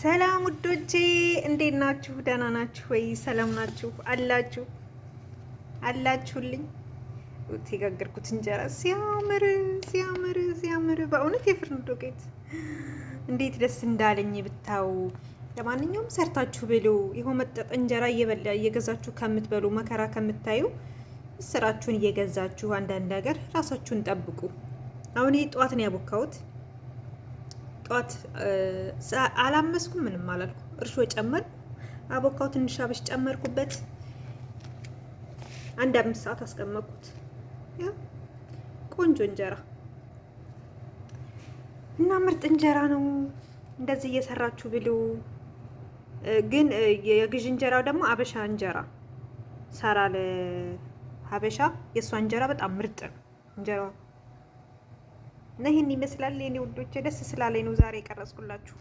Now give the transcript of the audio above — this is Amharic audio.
ሰላም ውዶቼ እንዴት ናችሁ? ደህና ናችሁ ወይ? ሰላም ናችሁ አላችሁ አላችሁልኝ። የጋገርኩት እንጀራ ሲያምር ሲያምር ሲያምር በእውነት የፍርን ዶቄት እንዴት ደስ እንዳለኝ ብታው። ለማንኛውም ሰርታችሁ ብሉ። ይኸው መጠጥ እንጀራ እየበላ እየገዛችሁ ከምትበሉ መከራ ከምታዩ ስራችሁን እየገዛችሁ አንዳንድ ነገር ራሳችሁን ጠብቁ። አሁን ይህ ጠዋት ነው ያቦካሁት። ጠዋት አላመስኩም፣ ምንም አላልኩም። እርሾ ጨመርኩ፣ አቦካው ትንሽ አብሽ ጨመርኩበት። አንድ አምስት ሰዓት አስቀመጥኩት። ቆንጆ እንጀራ እና ምርጥ እንጀራ ነው። እንደዚህ እየሰራችሁ ብሉ። ግን የግዥ እንጀራው ደግሞ አበሻ እንጀራ ሰራ ለሀበሻ የእሷ እንጀራ በጣም ምርጥ ነው እንጀራው እና ይህን ይመስላል የኔ ውዶቼ። ደስ ስላለኝ ነው ዛሬ የቀረጽኩላችሁ።